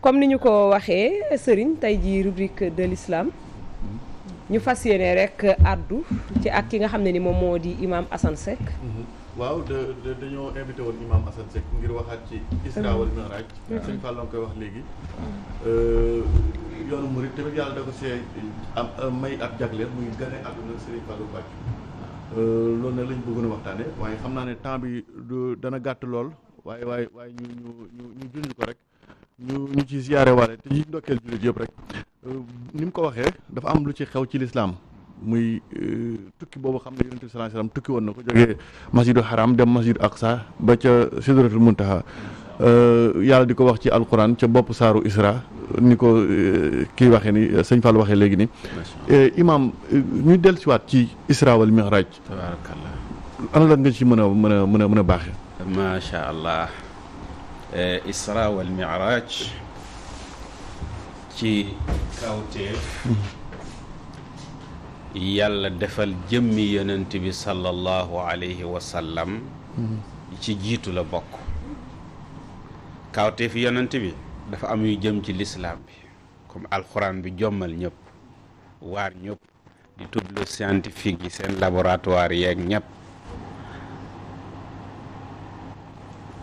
comme ni ñu ko waxee Serigne tey jii rubrique de l'islam ñu fas yéene rek addu ci ak ki nga xam ne ni moom moo di imam Assane Seck. Mhm. invité woon imam Assane Seck ngir waxaat ci Isra wal Miraj mhm. sëñ Fallon koy wax léegi euh, yoonu murid tamit may ab jagleel muy gane euh, loolu lañ bëggoon waxtaane waaye xam naa ne temps bi du dana gàtt lool waaye waaye waaye ñu ñu ñu ko rek ñu ñu ci ziyaare waale te yi ndokkeel jullit yëpp rek euh, ni mu ko waxee dafa am lu ci xew ci lislaam muy euh, tukki boobu xam ne yonent bi sallallahu woon na ko jógee masjidu haram dem masjidu aqsa ba ca sidratul muntaha euh, yàlla di ko wax ci alquran ca bopp saaru isra ni ko kii waxee ni sëñ Fall waxee léegi ni imam ñu del siwaat ci isra wal mi'raj tabarakallah la nga ci mën a mën a mën a mën a baaxee masha Eh, isra wal ci kawteef yàlla defal jëmmi yonent bi sallallahu alayhi wa mm-hmm. ci jiitu la bokk kawteef yonent bi dafa am yu jëm ci lislaam bi comme alxuraan bi jommal ñépp waar ñëpp di tableau scientifique yi seen laboratoire yeeg ñëpp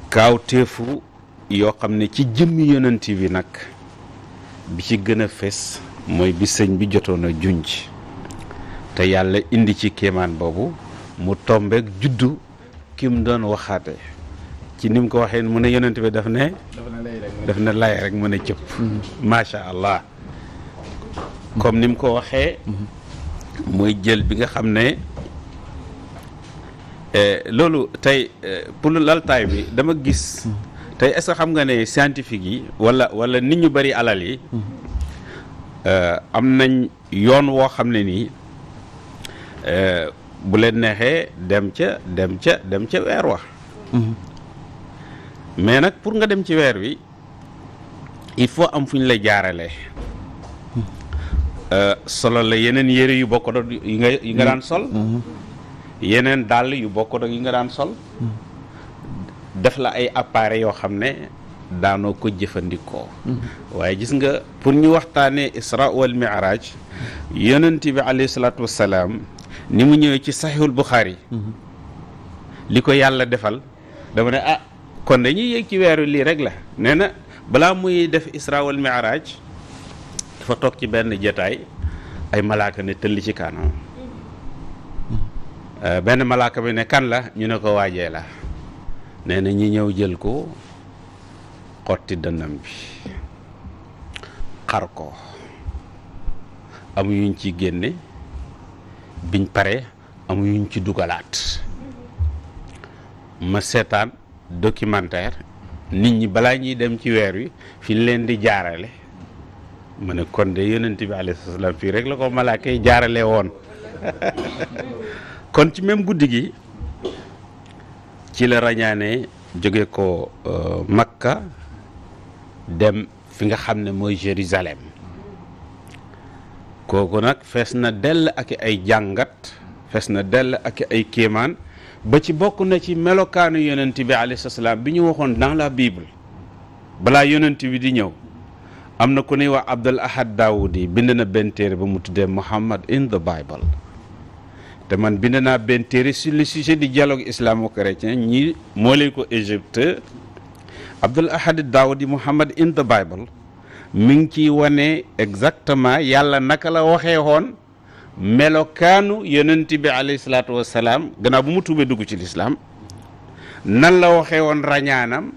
kawteefu yoo xam ne ci jëmmi yonent bi nag bi ci gën a fees mooy bi sëñ bi jotoon a junj te yàlla indi ci kéemaan boobu mu tombeek juddu kim doon waxaate ci ni ko waxee mu ne yonent bi daf ne daf lay rek mu ne cëpp hmm. macha allah comme ni ko waxee mooy hmm. jël bi nga xam ne eh, loolu tey eh, pour laltaay bi dama gis hmm. tey est-ce xam nga ne scientifique yi walla walla nit ñu bari alal yi hmm. euh, am nañ yoon woo xam ne nii euh, bu leen neexee dem ca dem ca dem ca weer wa hmm. mais nag pour nga dem ci weer wi il faut am fu ñu la jaarale hmm. euh, solo la yeneen yére yu bokk yi nga yi nga daan sol yeneen dàll yu bokk yi nga daan sol def la ay appareils yoo xam ne daanoo ko jëfandikoo waaye gis nga pour ñu waxtaanee isra wal mi'raj yonent bi alayhi wassalaam ni mu ñëwee ci saxiihul Buxaari li ko yàlla defal dama ne ah kon dañuy yéeg ci weeru lii rek la nee na balaa muy def isra wal mi'raj dafa toog ci benn jataay ay malaaka ne tëll ci kanam mm-hmm. euh, benn malaaka bi ne kan la ñu ne ko waajee la nee na ñi ñëw jël ko xotti dënnam bi xar ko am yuñ ci génne biñ pare am yuñ ci dugalaat ma seetaan documentaire nit ñi balaa ñuy dem ci weer wi fi ñu leen di jaarale ma ne kon de yonent bi alayhi salaam fii rek la ko malaa kay jaarale woon kon ci même guddi gi ci la rañaane jóge ko euh, Makka dem fi nga xam ne mooy Jérusalem kooku nag fees na dell ak ay jàngat fees na dell ak ay kéemaan ba ci bokk na ci melokaanu yonent bi alayhi salaam bi ñu waxoon dans la Bible balaa yonent bi di ñëw am na ko ñuy wax Abdul Ahad Daawudi bind na benn téere ba mu tuddee Muhammad in the Bible te man bind naa benn téere sur le sujet du dialogue islamo ñi moo leen ko Égypte Abdul Ahad Daoudi Muhammad in the Bible mi ngi ciy wane exactement yàlla naka la waxee woon melokaanu yonent bi alayhi salaatu wassalaam gannaaw bu mu tuubee dugg ci lislaam nan la waxee woon rañaanam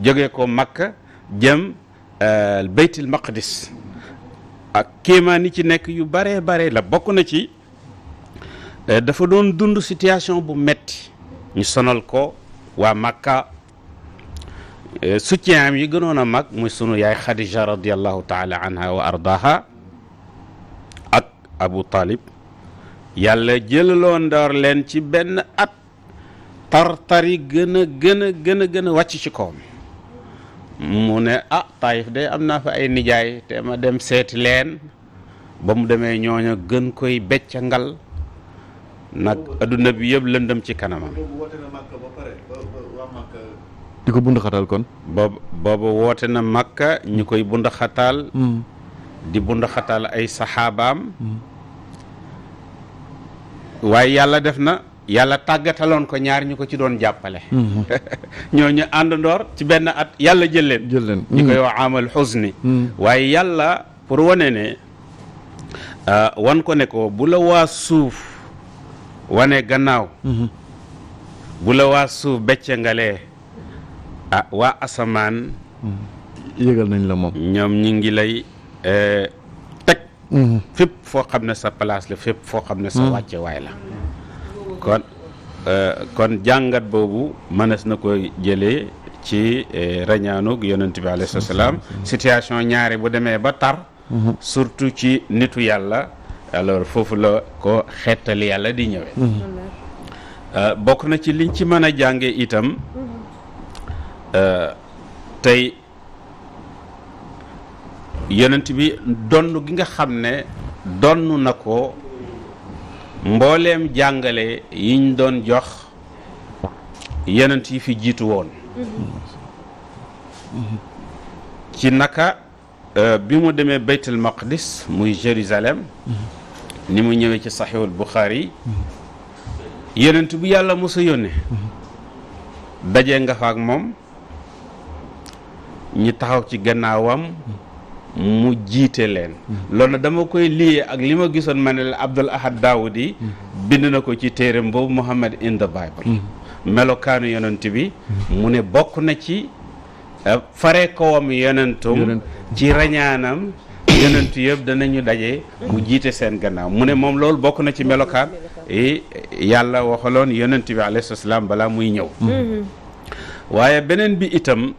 joge ko Makka jëm euh, Beytil Maqdis ak kéemaan yi ci nekk yu bare bare la bokk na ci Eh, dafa doon dund situation bu metti ñu sonal ko waa Makka eh, soutien am yi gënoon a mag muy sunu yaay Khadija radiallahu taala anha wa ardaha ak Abu Talib yàlla jëlaloon door leen ci benn at tartari gën a gën a gën gën a wàcc ci kawam mu ne ah Taïf de am naa fa ay nijaay te ma dem seeti leen ba mu demee ñooña gën koy ngal nag adduna bi yëpp lëndëm ci kanamam. di ko bundaxataal kon. boobu boobu woote na makka ñu koy bundaxataal. Mm. di bundaxataal ay saxaabaam. Mm. waaye yàlla def na yàlla tàggataloon ko ñaar ñu ko ci doon jàppale. Mm-hmm. ñooñu àndandoor ci benn at yàlla jël leen. jël leen koy mm. wax amal xusni. waaye yàlla pour wane ne ah, wan ko ne ko bu la waa suuf. wane gannaaw mhm. bu la waa suuf becce ngalee a ah, waa asamaan mhm. yëgal nañ la moom ñoom ñi ngi lay eh, teg mhm. fépp foo xam ne sa place la fépp foo xam ne sa wàcce waay la kon eh, kon jàngat boobu mënees na ko jële ci eh, rañaanug yonent bi alayhi salaam situation ñaari bu demee ba tar surtout ci nitu yàlla alors foofu la ko xeetal yàlla di ñëwee mm-hmm. euh, bokk na ci liñ ci mën a jànge itam mm-hmm. euh, tey yonent bi donn gi nga xam ne donn na ko mbooleem jàngale yiñ doon jox yonent yi fi jiitu woon mm-hmm. ci naka Euh, bi mu demee baytul maqdis muy Jérusalem mhm. ni mu ñëwee ci saxiwul Buxaari yi yenent bu yàlla mu a yónnee mhm. dajee nga fa ak moom ñi taxaw ci gannaawam mu jiite leen mhm. loolu dama koy lié ak li ma gisoon ma ne la Abdul Ahad Daawudi bind na ko ci téere boobu Muhammad in the Bible melokaanu yonent bi mu ne bokk na ci Euh, fare kowam yonentum ci rañaanam yonentu yëpp ñu daje mu jiite seen gannaaw mu ne moom loolu bokk na ci melokaan yàlla waxaloon yonent bi alayhi salaam balaa muy ñëw mm-hmm. waaye beneen bi itam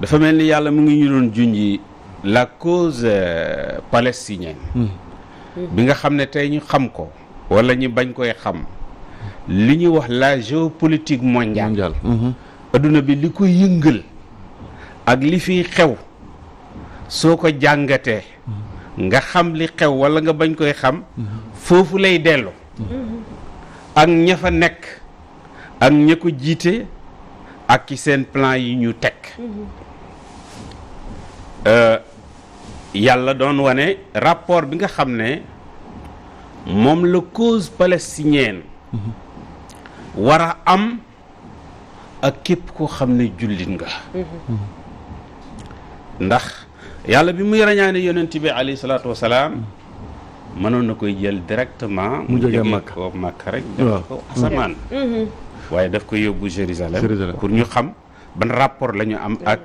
dafa mel ni yàlla mu ngi ñu doon junji la cause euh, palestinienne mm-hmm. bi nga xam ne tey ñu xam ko wala ñu bañ koy xam li ñuy wax la géopolitique mondiale mm-hmm. adduna bi li ko yëngal ak li fiy xew soo ko jàngatee nga xam li xew walla nga bañ koy xam foofu lay dellu ak ña fa nekk ak ña ko jiite ak ci seen plan yi ñu teg euh, yàlla doon wane rapport bi nga xam ne moom la cause palestinienne war a am ak képp koo xam ne jullit nga ndax yàlla bi muy rañaane yonent bi alayhi salaatu wasalaam mënoon na koy jël directement mu jóge Makka ko Makka rek def ko asamaan mm-hmm. Mm-hmm. waaye daf ko yóbbu Jérusalem pour ñu xam ban rapport la ñu am mm-hmm. ak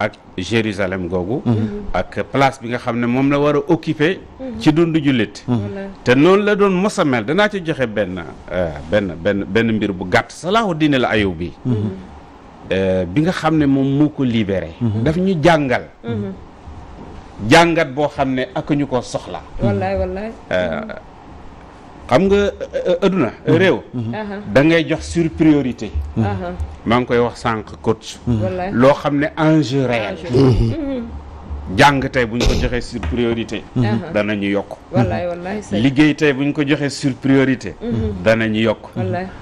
ak Jérusalem googu ak place bi nga xam ne moom la war a occuper ci dundu jullit te noonu la doon mos mel danaa ci joxe benn euh, benn benn benn mbir bu gàtt Salaahu Diin al Ayubi bi Euh, bi nga xam ne moom moo ko libéré. Mhm. daf ñu jàngal. Mhm. jàngat boo xam ne ak ñu ko soxla. wallaay euh, xam nga euh, adduna mhm. réew da jox sur priorité maa ngi koy wax sànq coach loo xam ne enjeu réel jàng tey bu ñu ko joxee sur uh-huh. dana ñu yokk. wallaay liggéey tey bu ñu ko joxee sur priorité. Uh-huh. ñu yokk.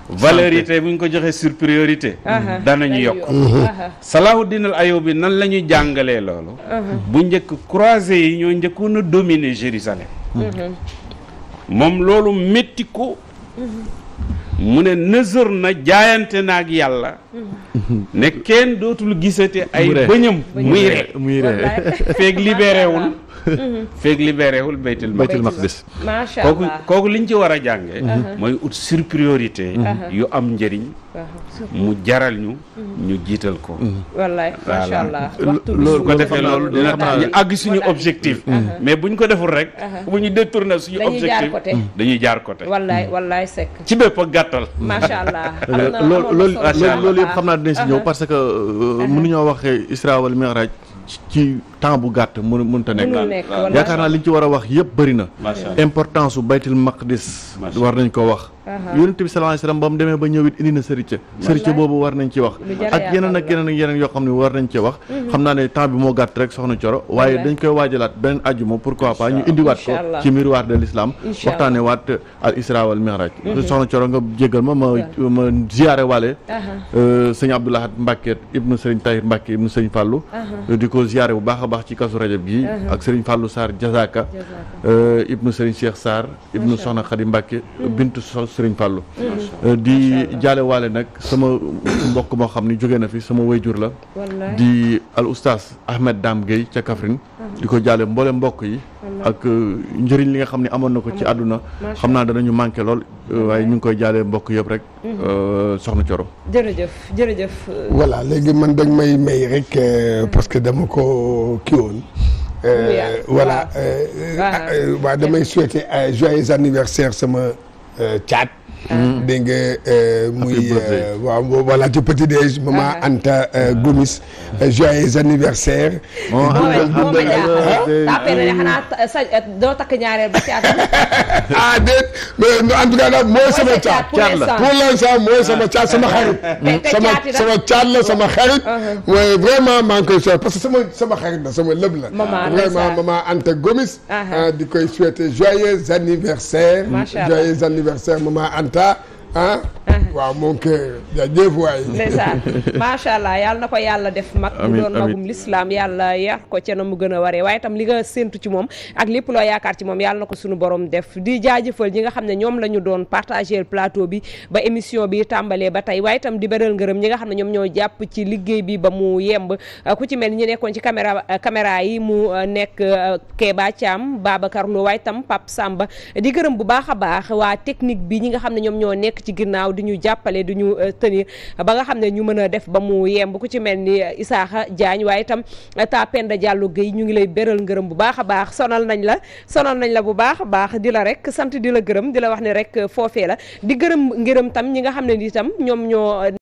valeur yi tey bu ko joxee sur uh-huh. dana ñu yokk. Salahuddin al Ayyubi nan la ñuy jàngalee loolu. bu njëkk croisés yi ñoo njëkkoon a dominer Jérusalem. moom loolu métti ko. mu ne nësër na jaayante na ak yàlla mm-hmm. ne kenn dootul gisate ay bëñam muy ree muy ree feeg libéré Mm-hmm. feeg libéré wul baytul baytul maqdis macha allah kooku li liñ ci war a jànge mm-hmm. uh-huh. mooy ut sur priorité uh-huh. yu am njëriñ uh-huh. mu jaral ñu mm-hmm. ñu jiital ko wallaay loolu ko defee loolu dina tax ñu àgg suñu objectif mais bu buñ ko deful rek bu ñu détourné suñu objectif dañuy jaar côté wallaay wallaay sekk ci bépp ak gàttal macha allah loolu loolu loolu yëpp xam naa dinañ si ñëw parce que euh, ñoo waxee isra wal mi'raj ci temps bu gàtt mënu mënta nekk yaakaar naa li ñu ci war a wax yëpp bëri na importance bu baytil maqdis war nañ ko wax yonent bi sallallahu alayhi wasallam ba mu demee ba ñëw indi na sërice sërice boobu war nañ ci wax ak yeneen ak yeneen ak yeneen yoo xam ne war nañ ci wax mhm. xam naa ne temps bi moo gàtt rek soxna Coro waaye dañ koy waajalaat beneen àjjuma pourquoi pas ñu indiwaat ko ci miroir de l'islam waxtaane waat al isra wal mi'raj mhm. soxna Coro nga jégal ma ma ma ziyaare waale euh, sëñ Abdoulahat Mbacke ibnu sëriñ Tahir Mbacke ibnu sëriñ Fallou di ko ziyaare bu baax ci kasu rajab gii uh-huh. ak sëriñ Fallou Sarr Jazaaka uh, ibnu sëriñ Cheikh Sarr ibnu Soxna Khady Mbacke uh-huh. bintu sëriñ Fallou uh-huh. uh, di jaale waale nag sama mbokk moo xam ni jóge na fi sama wayjur la di al oustaz Ahmed Dame Gueye ca Kaffrine di ko jaale mboole mbokk yi ak euh, njëriñ li nga xam ne amoon na ko ci àdduna xam naa danañu manqué lool euh, waaye ñu ngi koy jaalee mbokk yëpp rek mhm. euh, soxna Coro jërëjëf jërëjëf voilà léegi man dañ may may rek mhm. parce que dama ko kii woon voilà waaw damay souhaiter joyeux anniversaire sama caat Mm. dégg nga euh, muy euh, waaw voilà des petit déj maman ah, ah. Anta euh, Gomis joyeux anniversaire. Oh, ah. moom doo takk ñaareel ba caat ah déet mais en tout cas daal mooy sama caat. pour l'instant mooy sama caat maa ngi koy souhaité parce que sama sama xarit la Anta Gomis. di koy souhaiter joyeux anniversaire. anniversaire maman Anta. résultat ah. waaw moom kay jaajëf waay. ndeysaan macha allah yàlla na ko yàlla def mag mu doon magum lislaam yàlla yar ko ca na mu gën a waree waaye tam li nga séntu ci moom ak lépp loo yaakaar ci moom yàlla na ko suñu borom def di jaajëfal ñi nga xam ne ñoom la ñu doon partager plateau bi ba émission tàmbalee ba tey waaye itam di beral ngërëm ñi nga xam ne ñoom ñoo jàpp ci liggéey bi ba mu yemb ku ci mel ni ñu nekkoon ci caméra euh, caméra yi mu euh, nekk euh, Kéba Thiam Babacar Lo waaye tam Pape Samba di gërëm bu baax a baax waa technique bi ñi nga xam ne ñoom ñoo nekk ci ginnaaw di ñu jàppale di ñu euh, tenir ba nga xam ne ñu mën a def ba mu yemb ku ci mel ni euh, Isaaxa Diagne waaye itam euh, ta Penda jàllu Guèye ñu ngi lay béral ngërëm bu baax a baax sonal nañ la sonal nañ la bu baax a baax di la rek sant di la gërëm di la wax ne rek foofee la di gërëm ngërëm tam ñi nga xam ne ni ñoom ñoo